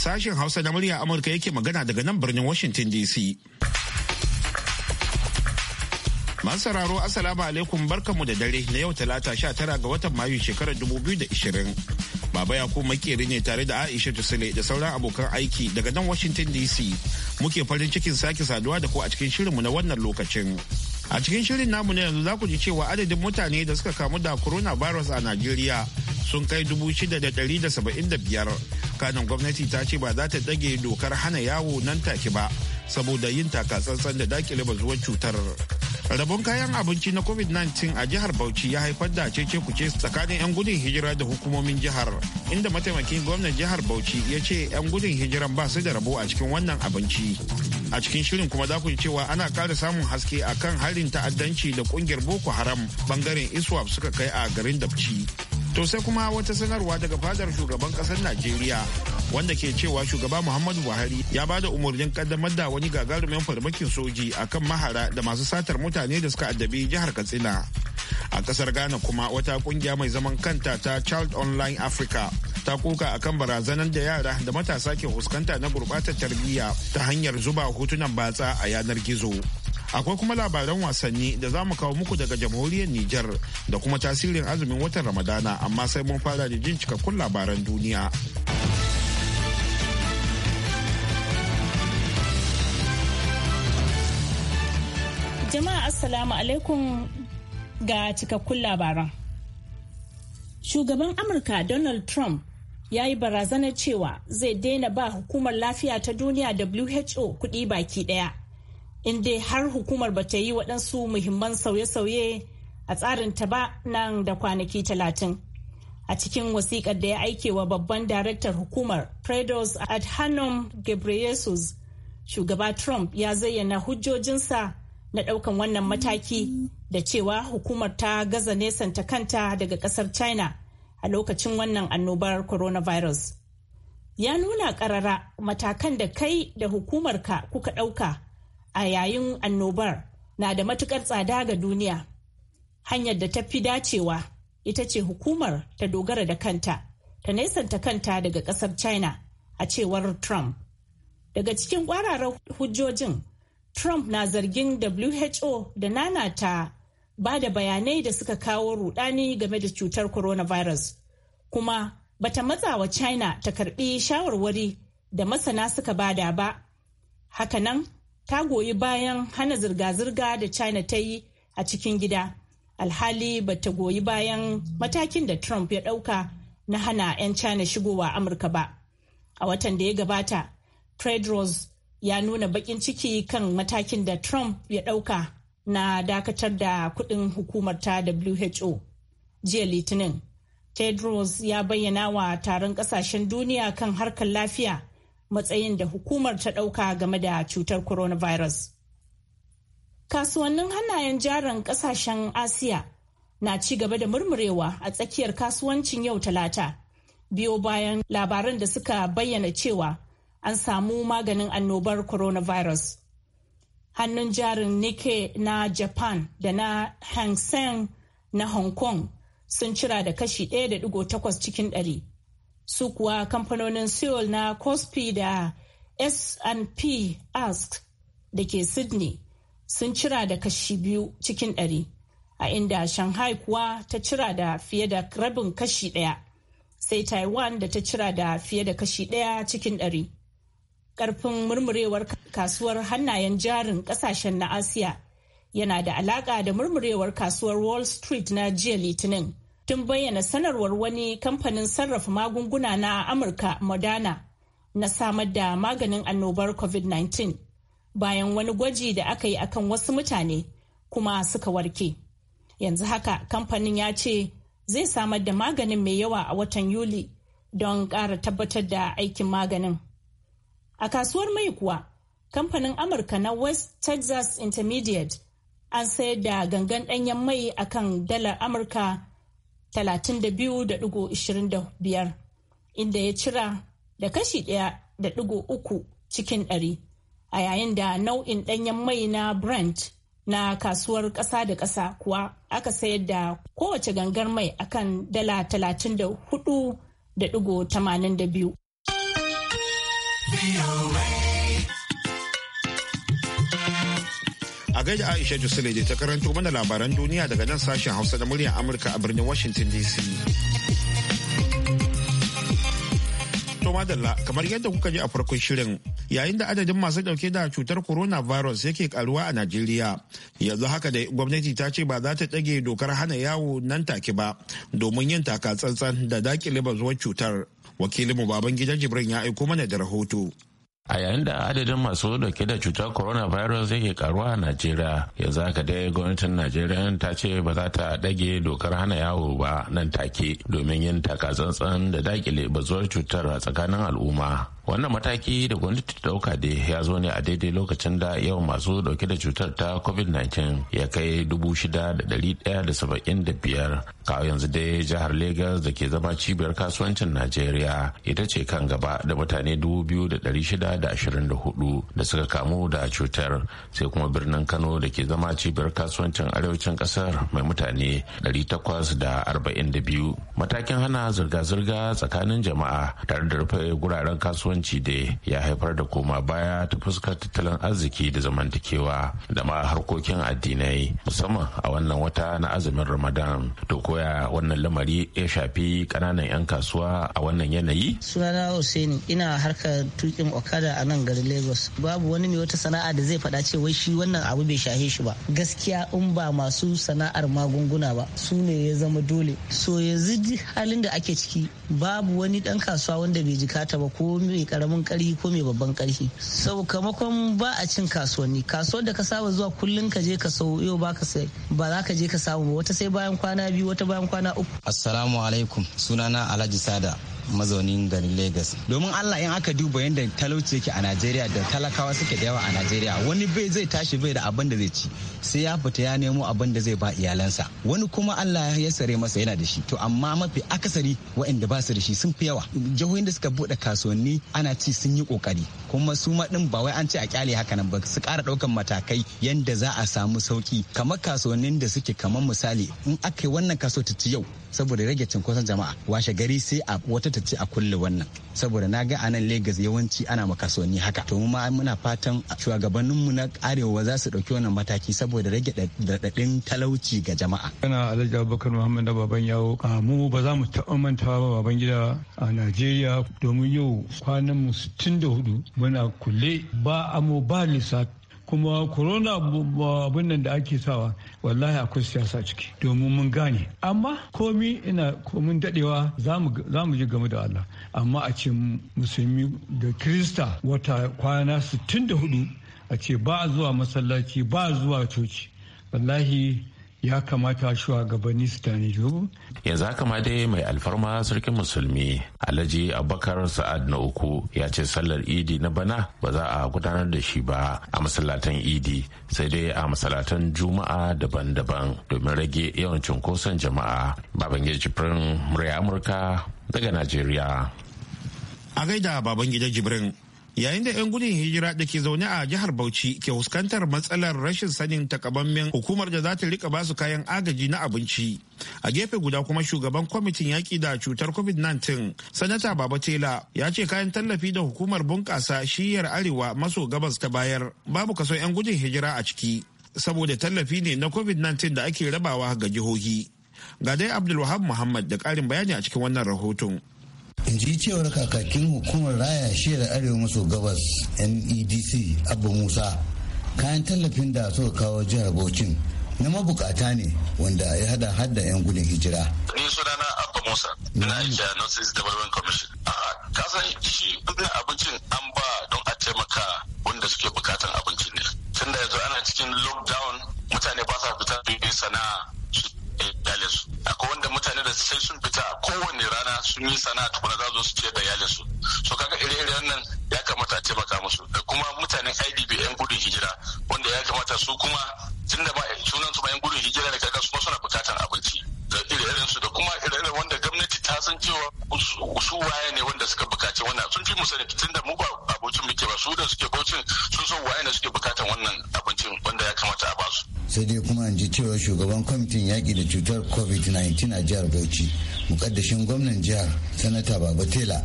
Sashen Hausa na murya Amurka yake magana daga nan birnin Washington DC. Masararo Assalamu alaikum barkanmu da dare na yau talata sha tara ga watan Mayu shekarar 2020. Baba ya kuma makeri ne tare da Aisha Tusile da sauran abokan aiki daga nan Washington DC. Muke farin cikin sake saduwa da ku a cikin shirinmu na wannan lokacin. A cikin shirin namu na yanzu za ku ji cewa adadin mutane da suka kamu da corona virus a Najeriya sun kai biyar Kanan gwamnati ta ce ba za ta dage dokar hana yawo nan take ba saboda yin takatsantsan da dakile zuwan cutar. rabon kayan abinci na covid-19 a jihar bauchi ya haifar da cece kuce tsakanin 'yan gudun hijira da hukumomin jihar inda mataimakin gwamnan jihar bauchi ya ce 'yan gudun hijiran ba su da rabo a cikin wannan abinci a cikin shirin kuma za ku ji cewa ana kara samun haske a kan halin ta'addanci da kungiyar boko haram bangaren iswap suka kai a garin dabci to sai kuma wata sanarwa daga fadar shugaban ƙasar najeriya wanda ke cewa shugaba muhammadu buhari ya ba da umarnin kaddamar da wani gagarumin farmakin soji akan mahara da masu satar mutane da suka addabi jihar katsina a kasar ghana kuma wata kungiya mai zaman kanta ta child online africa ta kuka akan barazanar da yara da matasa ke fuskanta na gurbatar tarbiyya ta hanyar zuba hotunan batsa a yanar gizo akwai kuma labaran wasanni da za mu kawo muku daga jamhuriyar Nijar da kuma tasirin azumin watan Ramadana amma sai mun fara da jin cikakkun labaran duniya. Jama'a Assalamu alaikum ga cikakkun labaran. Shugaban Amurka Donald Trump ya yi barazanar cewa zai daina ba hukumar lafiya ta duniya WHO kuɗi baki ɗaya. In dai har hukumar ba ta yi waɗansu muhimman sauye-sauye a tsarin ta ba nan da kwanaki talatin. A cikin wasiƙar da ya aike wa babban daraktar hukumar Predos Adhanom Ghebreyesus, shugaba Trump ya zayyana hujjojinsa na ɗaukan wannan mataki da cewa hukumar ta gaza nesanta kanta daga ƙasar china a lokacin wannan annobar coronavirus ya nuna ƙarara matakan da kai da hukumar ka kuka ɗauka a yayin annobar na da matukar tsada ga duniya hanyar da ta fi dacewa ita ce hukumar ta dogara da kanta ta nesanta kanta daga ƙasar china a cewar trump daga cikin kwararar hujjojin Trump na zargin WHO da nanata ba da bayanai da suka kawo rudani game da cutar coronavirus. Kuma bata matsa wa China ta karbi shawarwari da masana suka bada ba. Hakanan ta goyi bayan hana zirga-zirga da China ta yi a cikin gida. Alhali bata goyi bayan matakin da Trump ya ɗauka na hana 'yan China shigowa Amurka ba. A watan da ya gabata, Rose. ya nuna bakin ciki kan matakin da Trump ya ɗauka na dakatar da kuɗin hukumar ta WHO. Jiya Litinin, Tedros ya bayyana wa taron ƙasashen duniya kan harkar lafiya matsayin da hukumar ta ɗauka game da cutar coronavirus. Kasuwannin hannayen jaran ƙasashen Asiya na ci gaba da murmurewa a tsakiyar kasuwancin yau talata. Biyo bayan labaran da suka bayyana cewa an samu maganin annobar coronavirus. Hannun jarin Nike na Japan da na Hang Seng na Hong Kong sun cira da kashi 1.8 cikin ɗari. Su kuwa kamfanonin Seoul na Cosby da S&P Ask da ke Sydney sun cira da kashi biyu cikin ɗari. A inda Shanghai kuwa ta cira da fiye da rabin kashi ɗaya. Sai Taiwan da ta cira da fiye da kashi ɗaya cikin ɗari. karfin murmurewar kasuwar hannayen jarin kasashen na asiya yana da alaka da murmurewar kasuwar wall street na jiya litinin tun bayyana sanarwar wani kamfanin sarrafa magunguna na amurka moderna na samar da maganin annobar covid-19 bayan wani gwaji da aka yi akan wasu mutane kuma suka warke yanzu haka kamfanin ya ce zai samar da maganin mai yawa a watan yuli don ƙara tabbatar da aikin maganin. A kasuwar mai kuwa, kamfanin Amurka na West Texas Intermediate an sayar da gangan ɗanyen mai a kan dalar Amurka 32.25 inda ya cira da kashi ɗaya da ɗigo uku cikin ɗari a yayin da nau'in ɗanyen mai na Brent na kasuwar ƙasa da ƙasa kuwa aka sayar da kowace gangar mai akan dala 34.82 A gaida Aisha Jusile ta karanto mana labaran duniya daga nan sashen Hausa da muryar Amurka a birnin Washington DC. To madalla kamar yadda kuka ji a farkon shirin yayin da adadin masu dauke da cutar coronavirus yake karuwa a Najeriya. Yanzu haka da gwamnati ta ce ba za ta ɗage dokar hana yawo nan take ba domin yin taka takatsantsan da dakile bazuwar cutar. wakilinmu baban gidan jibrin ya aiko mana da rahoto a yayin da adadin masu dauke da cutar coronavirus yake karuwa a najeriya yanzu haka dai gwamnatin najeriya ta ce ba za ta dage dokar hana yawo ba nan take domin yin takatsantsan da dakile bazuwar cutar a tsakanin al'umma wannan mataki da gwamnati ta dauka da ya zo ne a daidai lokacin da yawan masu dauke da cutar ta covid-19 ya kai 6,175 kawo yanzu dai jihar lagos da ke zama cibiyar kasuwancin najeriya ita ce kan gaba da mutane 2,624 da suka kamu da cutar sai kuma birnin kano da ke zama cibiyar kasuwancin arewacin kasar mai mutane 842 matakin hana zirga-zirga tsakanin jama'a tare da rufe guraren kasuwanci kasuwanci da ya haifar da koma baya ta fuskar tattalin arziki da zamantakewa da ma harkokin addinai musamman a wannan wata na azumin ramadan to koya wannan lamari ya shafi kananan 'yan kasuwa a wannan yanayi sunana hussein ina harkar tukin okada a nan garin lagos babu wani ne wata sana'a da zai faɗa ce wai shi wannan abu bai shahe shi ba gaskiya in ba masu sana'ar magunguna ba su ne ya zama dole so yanzu halin da ake ciki babu wani dan kasuwa wanda bai jikata ba ko mai mai karamin karfi ko mai babban karfi sakamakon ba a cin kasuwanni kasuwar da ka saba zuwa kullum ka je ka sau yau ba ka sai ba za ka je ka samu wata sai bayan kwana biyu wata bayan kwana uku assalamu alaikum sunana alhaji sada mazaunin garin Lagos. Domin Allah in aka duba yadda talauci yake a Najeriya da talakawa suke da yawa a Najeriya wani bai zai tashi bai da abin da zai ci sai ya fita ya nemo abin da zai ba iyalansa wani kuma Allah ya sare masa yana da shi to amma mafi akasari waɗanda ba su da shi sun fi yawa jahohin da suka buɗe kasuwanni ana ci sun yi kokari kuma su ma ba wai an ce a kyale haka nan ba su ƙara ɗaukan matakai yadda za a samu sauki kamar kasuwannin da suke kamar misali in aka yi wannan kasuwa yau saboda rage cinkoson jama'a washe gari sai a wata ta ce a kulle wannan saboda na ga anan Legas yawanci ana makasoni haka to ma muna fatan shugabanninmu na arewa za su ɗauki wannan mataki saboda rage daɗaɗin talauci ga jama'a. Kana Alhaji Abubakar Muhammad da Baban Yawo mu ba za mu taɓa mantawa ba Baban Gida a Najeriya domin yau kwanan mu 64 muna kulle ba amo ba lissafi kuma corona abin nan da ake sawa wallahi akwai siyasa ciki domin mun gane amma komi ina komin dadewa za mu ji game da Allah amma a ce musulmi da krista wata kwana 64 a ce ba zuwa masallaci ba zuwa coci wallahi ya kamata shugabanni su taniju. yanzu haka ma dai mai alfarma sarkin musulmi alhaji abubakar sa'ad na uku ya ce sallar idi na bana ba za a gudanar da shi ba a masallatan idi sai dai a masallatan juma'a daban-daban domin rage yawan cunkoson jama'a babangeji Jibrin murya amurka daga najeriya a gaida baban gida jibrin yayin da 'yan gudun hijira da ke zaune a jihar bauchi ke fuskantar matsalar rashin sanin takamammen hukumar da za ta rika basu kayan agaji na abinci a gefe guda kuma shugaban kwamitin yaƙi da cutar covid-19 sanata baba tela ya ce kayan tallafi da hukumar bunƙasa shiyar arewa maso gabas ta bayar babu kaso 'yan gudun hijira a ciki saboda tallafi ne na covid-19 da ake rabawa ga jihohi ga dai abdulwahab muhammad da ƙarin bayani a cikin wannan rahoton in ji cewar kakakin hukumar raya shiyar arewa maso gabas nedc abu musa kayan tallafin da suka kawo jihar bauchin na mabukata ne wanda ya hada hadda 'yan gudun hijira ni sunana abba musa na aiki a northeast development commission kasan shi abincin an ba shugaban kwamitin yaƙi da cutar covid-19 a jihar bauchi mukaddashin gwamnan jihar sanata baba tela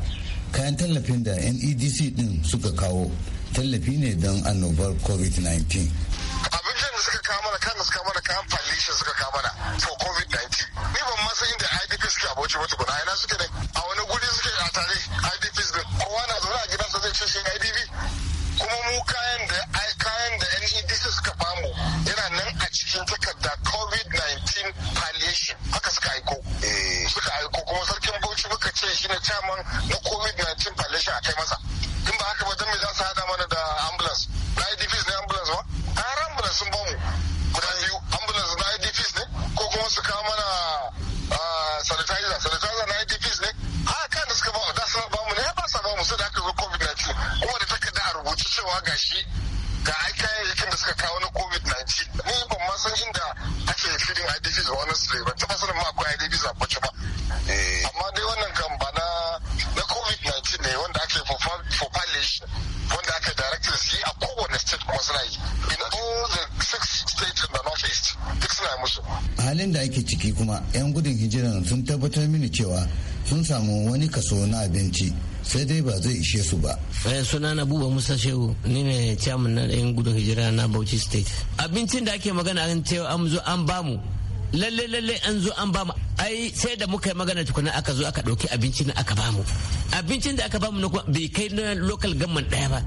kayan tallafin da nedc din suka kawo tallafi ne don annobar covid-19 ciki kuma 'yan gudun hijiran sun tabbatar mini cewa sun samu wani kaso na abinci sai dai ba zai ishe su ba. Eh, suna na buba musa shehu ni ne chairman na yan gudun hijira na bauchi state abincin da ake magana an cewa an zo an bamu lalle lalle an zo an bamu ai sai da muka yi magana tukuna aka zo aka dauki abinci na aka bamu abincin da aka bamu na kuma bai kai na local government daya ba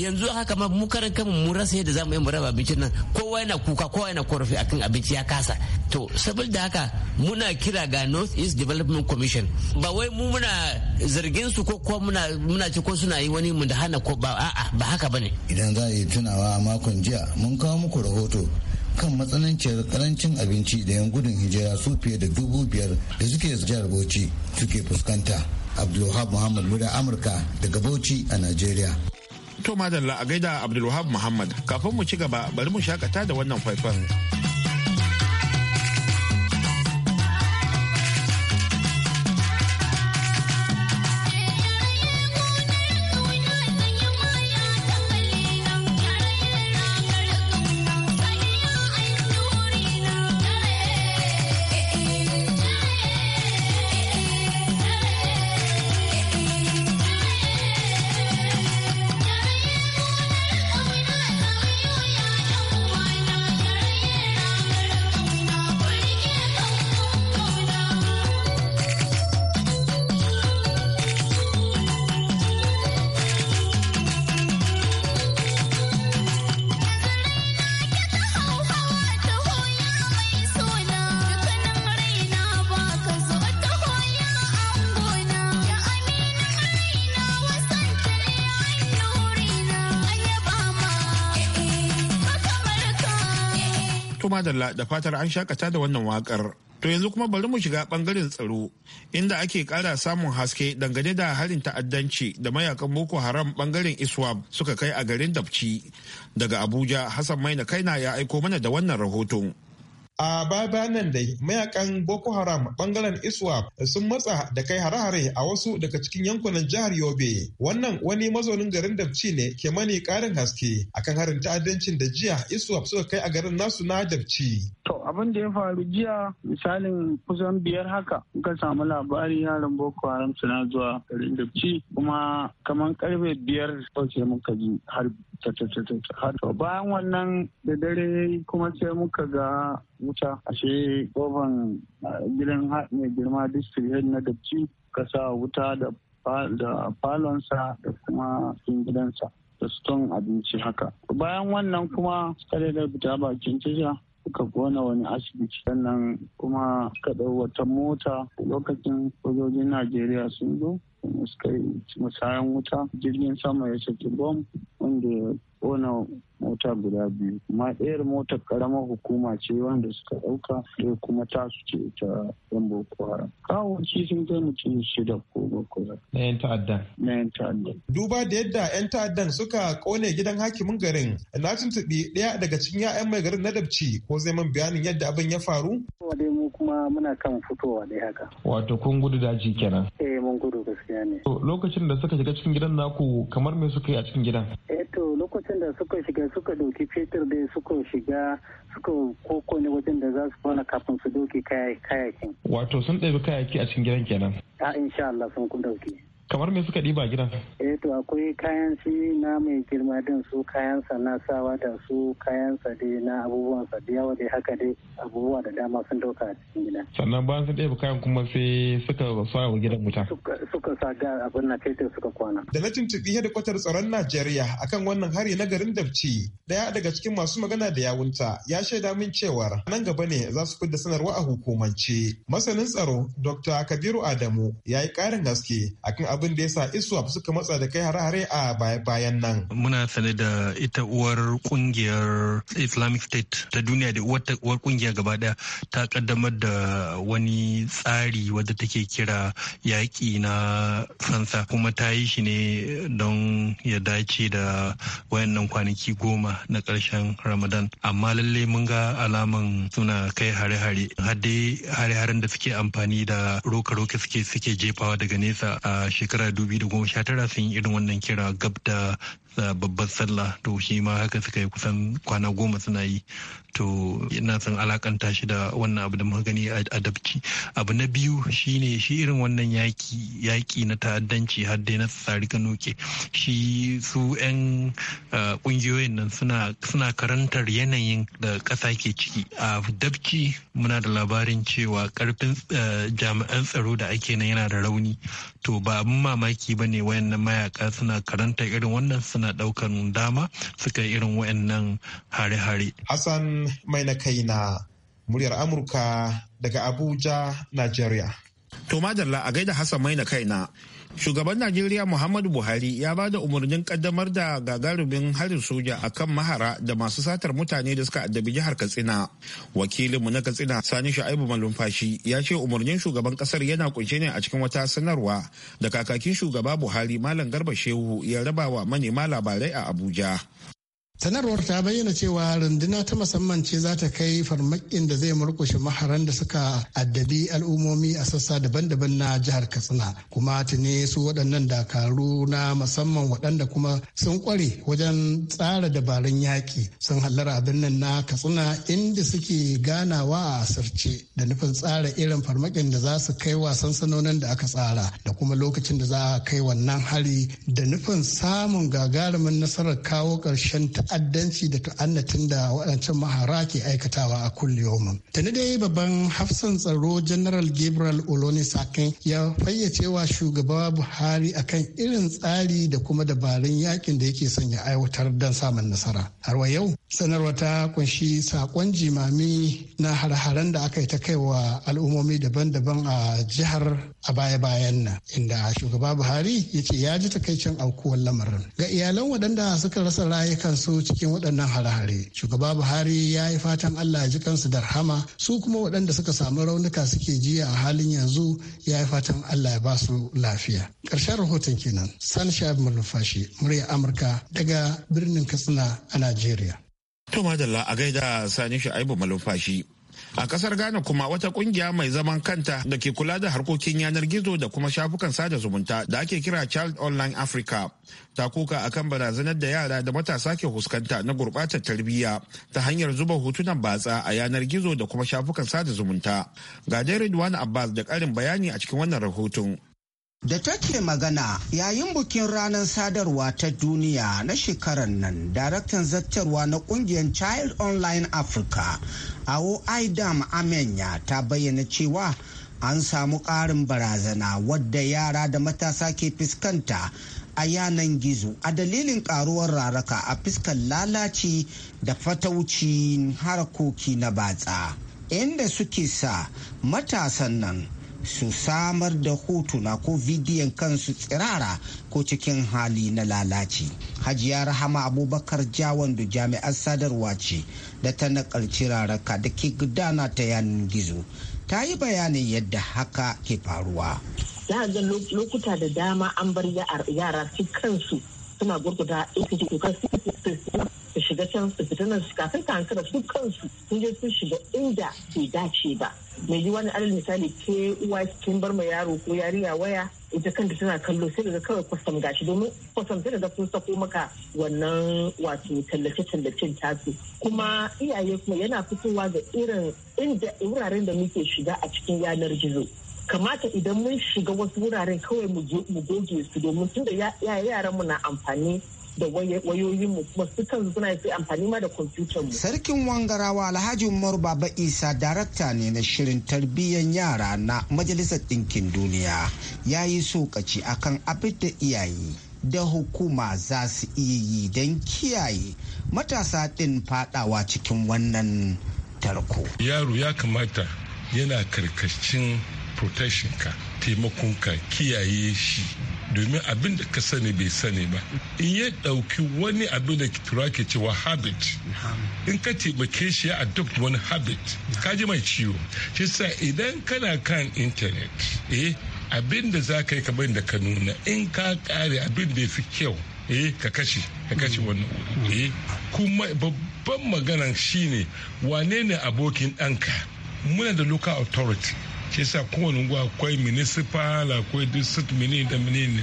yanzu haka ma mu karan kanmu mu rasa yadda zamu yi mu raba abincin nan kowa yana kuka kowa yana korafi akan abinci ya kasa to saboda haka muna kira ga North East Development Commission ba wai mu muna zargin su ko kuma muna muna ce ko suna yi wani mu da hana ko ba a'a ba haka bane idan za a yi tunawa a makon jiya mun kawo muku rahoto kan matsananciyar karancin abinci da yan gudun hijira su fiye da dubu biyar da suke jihar Bauchi suke fuskanta Abdulwahab Muhammad Muda Amurka daga Bauchi a Najeriya. To madalla a gaida Abdulwahab Muhammad kafin mu ci gaba bari mu shakata da wannan faifan. To madalla da fatar an shakata da wannan wakar. To yanzu kuma bari mu shiga bangaren tsaro inda ake kara samun haske dangane da harin ta'addanci da mayakan Boko Haram bangaren Iswab suka kai a garin Dabci. Daga Abuja Hassan Maina Kaina ya aiko mana da wannan rahoton. A baya nan dai mayakan Boko Haram bangaren Iswap sun matsa da kai hare-hare a wasu daga cikin yankunan jihar Yobe. Wannan wani mazaunin garin Dabci ne ke mani karin haske akan harin ta'addancin da jiya Iswap suka kai a garin nasu na Dabci. To abin da ya faru jiya misalin kusan biyar haka muka samu labari yaran Boko Haram suna zuwa garin Dabci kuma kamar karfe biyar sai muka ji har bayan wannan da dare kuma sai muka ga Wuta ashe kofan gidan mai girma district head na dabci ka sa wuta da falonsa da kuma cikin gidansa da suton abinci haka bayan wannan kuma tsare da fita bakin tisha suka gona wani asibiti sannan kuma suka ɗau wata mota lokacin sojojin najeriya sun zo suka yi musayan wuta jirgin sama ya saki bom wanda ya kona mota guda biyu kuma ɗayar motar karamar hukuma ce wanda suka ɗauka da kuma tasu ce ta yan boko haram kawaci sun kai mutum shida ko bakwai na yan ta'addan na yan ta'addan duba da yadda yan ta'addan suka kone gidan hakimin garin na tuntuɓi ɗaya daga cikin ya'yan mai garin na dabci ko zai man bayanin yadda abin ya faru dai mu kuma muna kan fitowa dai haka wato kun gudu daji kenan eh mun gudu gaskiya ne lokacin da suka shiga cikin gidan naku kamar me suka yi a cikin gidan to lokacin da suka shiga suka doki fetur dai suka shiga suka koko ne wajen da za su fara kafin su doki kayakin wato sun ɗabi kayaki a cikin gidan kenan a ah, insha Allah sun kun dauke kamar me suka ɗiba gidan eh to akwai kayan shi na mai girma din su kayan sa na sawa da su kayan sa dai na abubuwan sa da yawa dai haka dai abubuwa da dama sun dauka a cikin gidan sannan bayan sun ɗeba kayan kuma sai suka sa wa gidan wuta suka sa ga abin na kai suka kwana da na tuntuɓi hedikwatar tsaron Najeriya akan wannan hari na garin Dabci daya daga cikin masu magana da yawunta ya shaida min cewar nan gaba ne za su fidda sanarwa a hukumance masanin tsaro Dr. Kabiru Adamu ya yi ƙarin gaske akan abin da ya sa iswap suka matsa da kai hare-hare a bayan nan. Muna sane da ita uwar kungiyar Islamic State ta duniya da uwar kungiya gaba daya ta kaddamar da wani tsari wadda take kira yaƙi na sansa kuma ta yi shi ne don ya dace da wayannan kwanaki goma na ƙarshen Ramadan. Amma lalle mun ga alaman suna kai hare-hare. Hadde hare-haren da suke amfani da roka-roka suke suke jefawa daga nesa a shekara 2019 sun yi irin wannan kira gab da uh, babbar sallah to shi ma haka suka yi kusan kwana goma suna yi to ina san alakanta shi da wannan abu da gani a dabci abu na biyu shine shi irin wannan yaki yaki na ta'addanci har dai na tsarika noke shi su 'yan kungiyoyin nan suna karantar yanayin da ƙasa ke ciki a dabci muna da labarin cewa karfin jami'an tsaro da ake nan yana da rauni to ba abin mamaki ba ne wayannan mayaka suna karanta irin wannan suna ɗaukan dama suka irin wayannan hare-hare hassan mai na kaina muryar Amurka daga Abuja, Nigeria. To madalla a gaida Hassan mai na kaina. Shugaban Najeriya Muhammadu Buhari ya ba da umarnin kaddamar da gagarumin harin soja a kan mahara da masu satar mutane da suka addabi jihar Katsina. Wakilinmu na Katsina Sani Shu'aibu Malumfashi ya ce umarnin shugaban kasar yana kunshe ne a cikin wata sanarwa da kakakin shugaba Buhari Malam Garba Shehu ya raba wa manema labarai a Abuja. sanarwar ta bayyana cewa runduna ta musamman ce za ta kai farmakin da zai murkushe maharan da suka addabi al'ummomi a sassa daban-daban na jihar katsina kuma tuni su waɗannan dakaru na musamman waɗanda kuma sun ƙware wajen tsara dabarun yaƙi sun hallara abin nan na katsina inda suke ganawa a asirce da nufin tsara irin farmakin da za su kai wa sansanonin da aka tsara da kuma lokacin da za a kai wannan hari da nufin samun gagarumin nasarar kawo ƙarshen ta ta'addanci da ta'annatin da waɗancan mahara ke aikatawa a kulliyomin. Tani dai babban hafsan tsaro General Gabriel Sakin ya fayyace fayyacewa shugaba Buhari akan irin tsari da kuma dabarun yakin da yake son ya aiwatar don samun nasara. Har wa yau sanarwa ta kunshi sakon jimami na har-haren da aka yi ta kai wa al'ummomi daban-daban a jihar a baya-bayan nan inda shugaba Buhari ya ce ya ji takaicin aukuwar lamarin. Ga iyalan waɗanda suka rasa rayukansu cikin waɗannan hare-hare shugaba buhari ya yi fatan allah ya ji kansu da rahama su kuma waɗanda suka samu raunuka suke jiya a halin yanzu ya yi fatan allah ya ba su lafiya ƙarshen rahoton kenan san shahab malumfashi murya amurka daga birnin katsina a najeriya to madalla a gaida sani sha'ibu malumfashi a kasar ghana kuma wata kungiya mai zaman kanta da ke kula da harkokin yanar gizo da kuma shafukan sada zumunta da ake kira child online africa ta kuka akan barazanar da yara da matasa ke fuskanta na gurbatar tarbiyya ta hanyar zuba hotunan batsa a yanar gizo da kuma shafukan sada zumunta ga dai abbas da karin bayani a cikin wannan rahoton da take magana yayin bukin ranar sadarwa ta duniya na shekarar nan daraktan zattarwa na kungiyar child online africa awo aidam amenya ta bayyana cewa an samu ƙarin barazana wadda yara da matasa ke fuskanta a yanan gizo a dalilin ƙaruwar raraka a fuskan lalaci da fatauci harkoki na batsa inda suke sa matasan nan su samar da hotuna ko bidiyon kansu tsirara ko cikin hali na lalaci. Hajiya Rahama Abubakar Jawandu jami'ar sadarwa ce da ta nakalci raraka da ke gudana ta yanin gizo. Ta yi bayanin yadda haka ke faruwa. Za ga lokuta da dama an bar yara su kansu suna su shiga can su fita nan kafin ka hankala su kansu sun je sun shiga inda bai dace ba mai yi wani alal misali ke uwa kin bar ma yaro ko yariya waya ita kanta tana kallo sai daga kawai kwastam gashi domin kwastam sai daga kun sako maka wannan wato tallace-tallacen tasu kuma iyaye kuma yana fitowa da irin inda wuraren da muke shiga a cikin yanar gizo kamata idan mun shiga wasu wuraren kawai mu goge su domin tunda yaran mu na amfani da wayoyinmu kuma su kansu suna sai amfani ma da mu. Sarkin Wangarawa Alhaji umar Baba Isa darakta ne na shirin tarbiyyar yara na Majalisar Ɗinkin Duniya ya yi sokaci akan abin da iyaye da hukuma za su iya yi don kiyaye matasa ɗin fadawa cikin wannan tarko. Yaro ya kamata yana karkashin protection ka taimakon ka kiyaye shi domin abin da ka sani bai sani ba in ya ɗauki wani abin da tura ke cewa habit in ka taimake shi ya adopt wani habit ka ji mai ciwo shi sa idan kana kan intanet eh abin da za ka yi kamar da ka nuna in ka kare abin da ya fi kyau eh ka kashe ka kashe wannan eh kuma babban maganan shine wane ne abokin ɗanka muna da local authority shi sa kowane unguwa akwai municipal akwai district mini da mini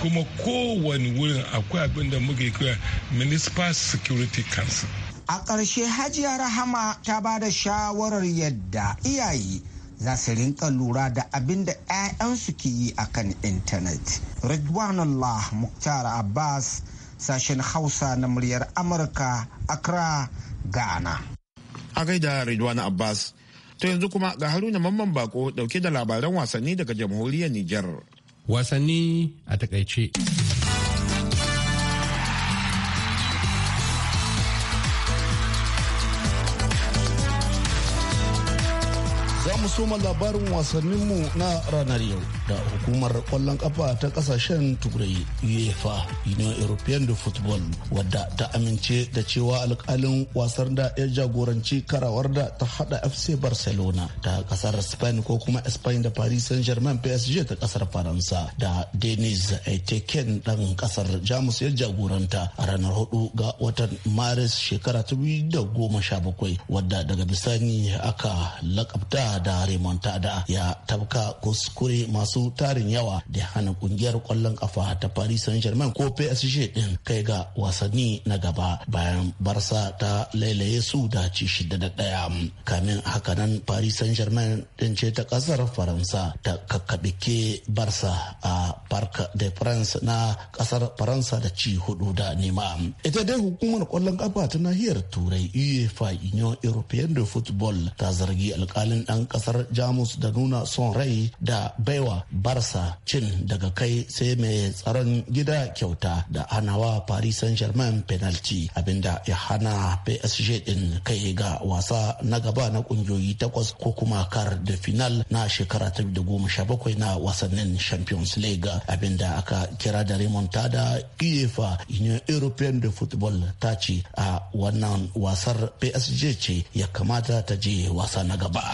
kuma kowane wurin akwai abin da muke kira municipal security council a ƙarshe hajiya rahama ta ba da shawarar yadda iyaye za su rinka lura da abin da 'ya'yansu ke yi a kan intanet. Ridwanullah Muktar Abbas sashen Hausa na muryar Amurka, Accra, Ghana. A gaida Ridwan Abbas, To yanzu kuma ga Haruna Mamman Bako dauke da labaran wasanni daga jamhuriyar Nijar. Wasanni a takaice. mu soma labarin wasanninmu na ranar yau da hukumar kwallon kafa ta kasashen turai uefa union european de football wadda ta amince da cewa alkalin wasar da ya jagoranci karawar da ta hada fc barcelona ta kasar spain ko kuma spain da paris saint germain psg ta kasar faransa da denis eteken dan kasar jamus ya jagoranta a ranar hudu ga watan maris shekara 2017 wadda daga bisani aka lakabta da da remontada ya tabka kuskure masu tarin yawa da hana kungiyar kwallon kafa ta paris saint germain ko psg din kai ga wasanni na gaba bayan barsa ta lailaye su da ci shida da daya kamin hakanan paris saint germain din ce ta kasar faransa ta kakkabike barsa a parc de france na kasar faransa da ci hudu da nema ita dai hukumar kwallon kafa ta nahiyar turai uefa union european de football ta zargi alkalin dan kasar jamus da nuna son rai da baiwa barsa cin daga kai sai mai tsaron gida kyauta da hanawa paris saint germain penalty abinda ya hana psg din kai ga wasa na gaba na kungiyoyi takwas ko kuma kar da final na shekara ta goma sha bakwai na wasannin champions league abinda aka kira da remontada uefa union european de football ta ce a wannan wasar psg ce ya kamata ta je wasa na gaba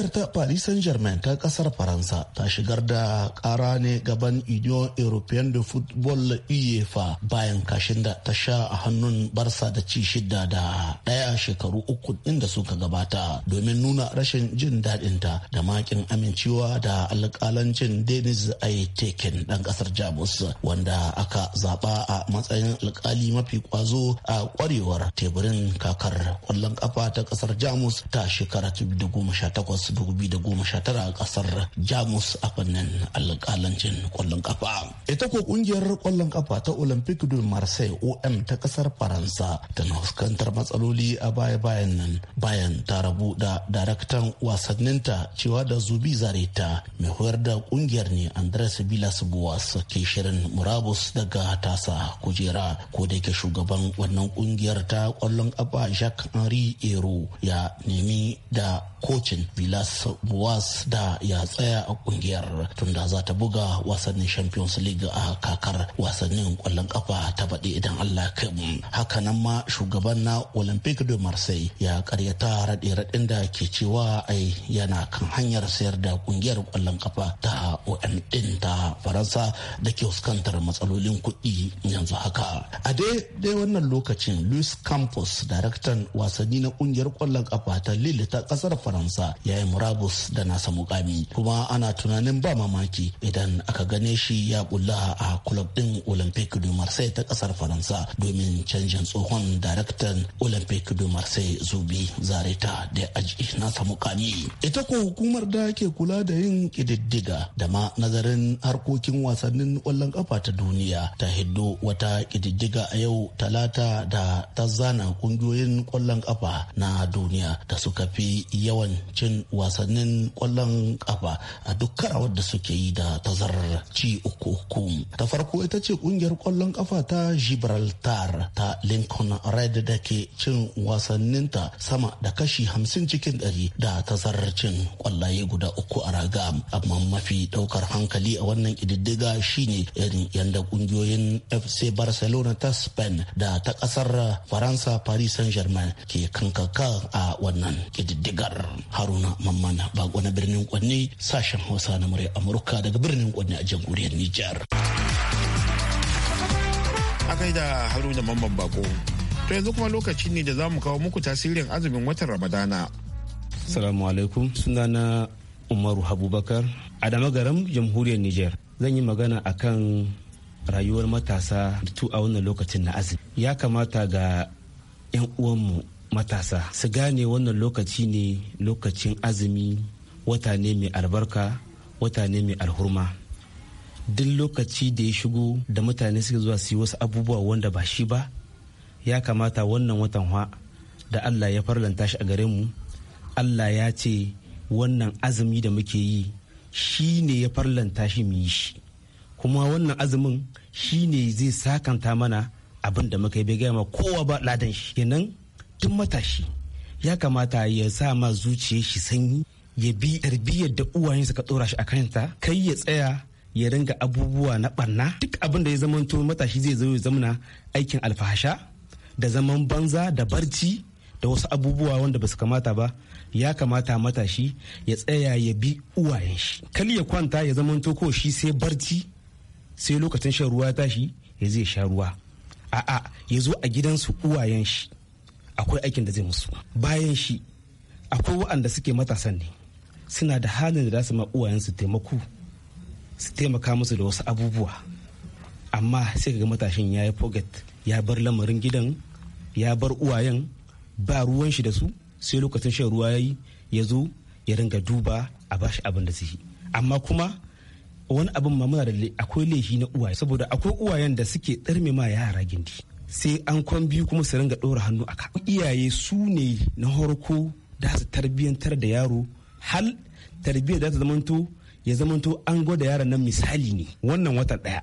Ƙungiyar ta Paris Saint-Germain ta kasar Faransa ta shigar da ƙara ne gaban Union European de Football UEFA bayan kashin da ta sha a hannun Barsa da ci shidda da ɗaya shekaru uku inda suka gabata domin nuna rashin jin daɗinta da makin amincewa da alƙalancin Denis Aitekin ɗan ƙasar Jamus wanda aka zaɓa a matsayin alƙali mafi ƙwazo a ƙwarewar teburin kakar ƙwallon ƙafa ta ƙasar Jamus ta shekara 2018 Olympics 2019 a kasar Jamus a fannin alkalancin kwallon kafa. Ita ko kungiyar kwallon kafa ta Olympic du Marseille OM ta kasar Faransa ta na fuskantar matsaloli a baya-bayan nan bayan ta rabu da daraktan wasanninta cewa da Zubi Zareta mai hoyar da kungiyar ne Andres Vilas Boas ke shirin murabus daga tasa kujera ko da yake shugaban wannan kungiyar ta kwallon kafa Jacques Henri Ero ya nemi da kocin Vilas Elias da ya tsaya a kungiyar tunda za ta buga wasannin Champions League a kakar wasannin kwallon kafa ta baɗi idan Allah kai hakanan ma shugaban na Olympic de Marseille ya karyata raɗe-raɗin da ke cewa ai yana kan hanyar sayar da kungiyar kwallon kafa ta OM din ta Faransa da ke fuskantar matsalolin kuɗi yanzu haka. A dai wannan lokacin Luis Campos, daraktan wasanni na kungiyar kwallon kafa ta Lille ta ƙasar Faransa ya yi murabus da nasa mukami kuma ana tunanin ba mamaki idan aka gane shi ya bulla a kulob din olympic du marseille ta kasar faransa domin canjin tsohon daraktan olympic du marseille zubi zareta da aji nasa mukami ita ko hukumar da ke kula da yin kididdiga da ma nazarin harkokin wasannin kwallon kafa ta duniya ta hiddo wata kididdiga a yau talata da ta zana kungiyoyin kwallon kafa na duniya da suka fi yawan cin wasannin kwallon kafa a duk karawar da suke yi da tazarar ci uku ta farko ita ce kungiyar kwallon kafa ta gibraltar ta lincoln red da ke cin wasanninta sama da kashi hamsin cikin ɗari da tazarar cin kwallaye guda uku a raga amma mafi ɗaukar hankali a wannan ƙididdiga shine irin yadda kungiyoyin fc barcelona ta spain da ta ƙasar faransa paris saint germain ke kankaka a wannan ƙididdigar haruna na Bago na birnin Kwanni sashen Hausa na murya Amurka daga birnin Kwanni a jamhuriyar Nijar. A da Haruna Mamman bako To yanzu kuma lokaci ne da za mu kawo muku tasirin azumin watan Ramadana. Salamu alaikum Suna na Umaru Habubakar a garam jamhuriyar Nijar. Zan yi magana akan rayuwar matasa tu a wannan lokacin na azumi. Ya kamata ga 'yan uwanmu matasa su gane wannan lokaci ne lokacin azumi wata ne mai albarka wata ne mai alhurma duk lokaci da ya shigo da mutane suke zuwa su yi wasu abubuwa wanda ba shi ba ya kamata wannan watan ha da allah ya farlanta shi a gare mu allah ya ce wannan azumi da muke yi shi ne ya farlanta shi mu yi shi kuma wannan azumin shi ne zai sakanta mana abin da muka yi bai gaya ma kowa ba ladan shi kenan tun matashi ya kamata ya sa ma zuciyar shi sanyi ya bi tarbiyyar da uwayen suka tsora shi a kanta kai ya tsaya ya ringa abubuwa na barna duk abin da ya zama to matashi zai zo ya zamana aikin alfahasha da zaman banza da barci da wasu abubuwa wanda ba su kamata ba ya kamata matashi ya tsaya ya bi uwayen shi kali ya kwanta ya zama to ko shi sai barci sai lokacin shan ruwa ya tashi ya zai sha ruwa a'a ya zo a gidansu uwayen shi akwai aikin da zai musu bayan shi akwai waɗanda suke matasan ne suna da halin da za su ma uwayensu taimako su taimaka musu da wasu abubuwa amma sai ga matashin ya yi pocket ya bar lamarin gidan ya bar uwayen ba ruwan shi da su sai lokacin shan ruwa yayi ya zo ya ringa duba a bashi abin da su yi amma kuma wani abin ma muna da akwai laifi na uwaye saboda akwai uwayen da suke tsarmi ma yara gindi sai an kwan biyu kuma su ringa ɗora hannu a iyaye su ne na horko da su tarbiyyantar da yaro hal tarbiyyar da ta zamanto ya zamanto an gwada yaron nan misali ne wannan wata ɗaya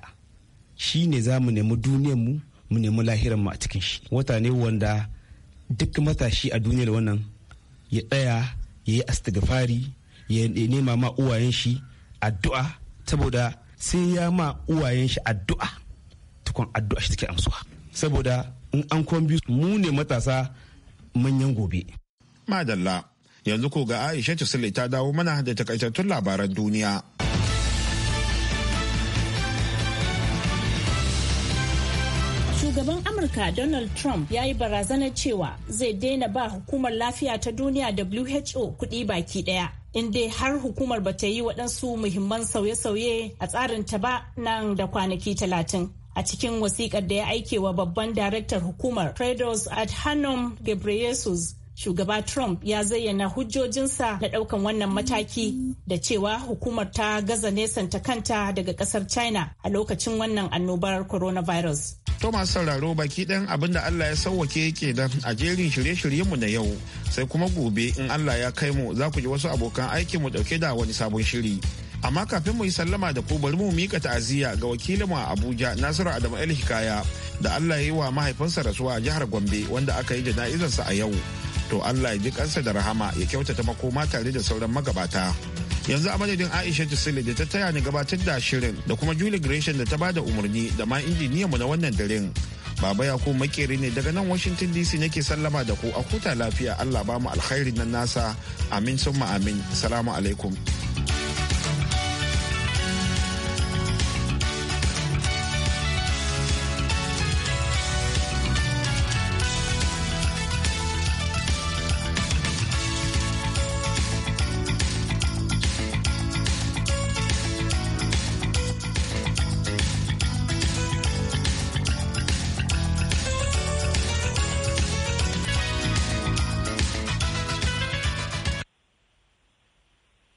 shi ne za mu nemi duniyar mu mu nemi lahiran mu a cikin shi wata ne wanda duk matashi a duniyar wannan ya ɗaya ya yi astigfari ya nema ma uwayen shi addu'a saboda sai ya ma uwayen shi addu'a tukun addu'a shi take amsuwa saboda in an kwambi mu ne matasa manyan gobe. Madalla yanzu ko ga Aisha Sule ta dawo mana da takaitattun labaran duniya. Shugaban Amurka Donald Trump ya yi barazanar cewa zai daina ba hukumar lafiya ta duniya WHO kuɗi baki ɗaya. in dai har hukumar ba ta yi waɗansu muhimman sauye-sauye a tsarin ta ba nan da kwanaki talatin. a cikin wasikar da ya aike wa babban daraktar hukumar Tedros Adhanom Ghebreyesus shugaba Trump ya zayyana hujjojinsa na daukan wannan mataki da cewa hukumar ta gaza ta kanta daga kasar China a lokacin wannan annobar coronavirus. Thomas masu sauraro baki ɗan abin da Allah ya sauwake yake dan a jerin shirye-shiryenmu na yau sai kuma gobe in Allah ya kai mu za ku ji wasu abokan aikinmu ɗauke da wani sabon shiri. amma kafin mu yi sallama da ku bari mu mika ta'aziyya ga wakilinmu a Abuja Nasiru Adamu El Hikaya da Allah ya yi wa mahaifinsa rasuwa a jihar Gombe wanda aka yi sa a yau. To Allah ya ji kansa da rahama ya kyautata makoma tare da sauran magabata. Yanzu a madadin Aisha Tisili da ta taya ni gabatar da shirin da kuma Julie Gresham da ta ba da umarni da ma injiniyanmu na wannan daren. Baba Yakubu makeri ne daga nan Washington DC nake sallama da ku a huta lafiya Allah ba mu alkhairin nan nasa amin summa amin. Salamu alaikum.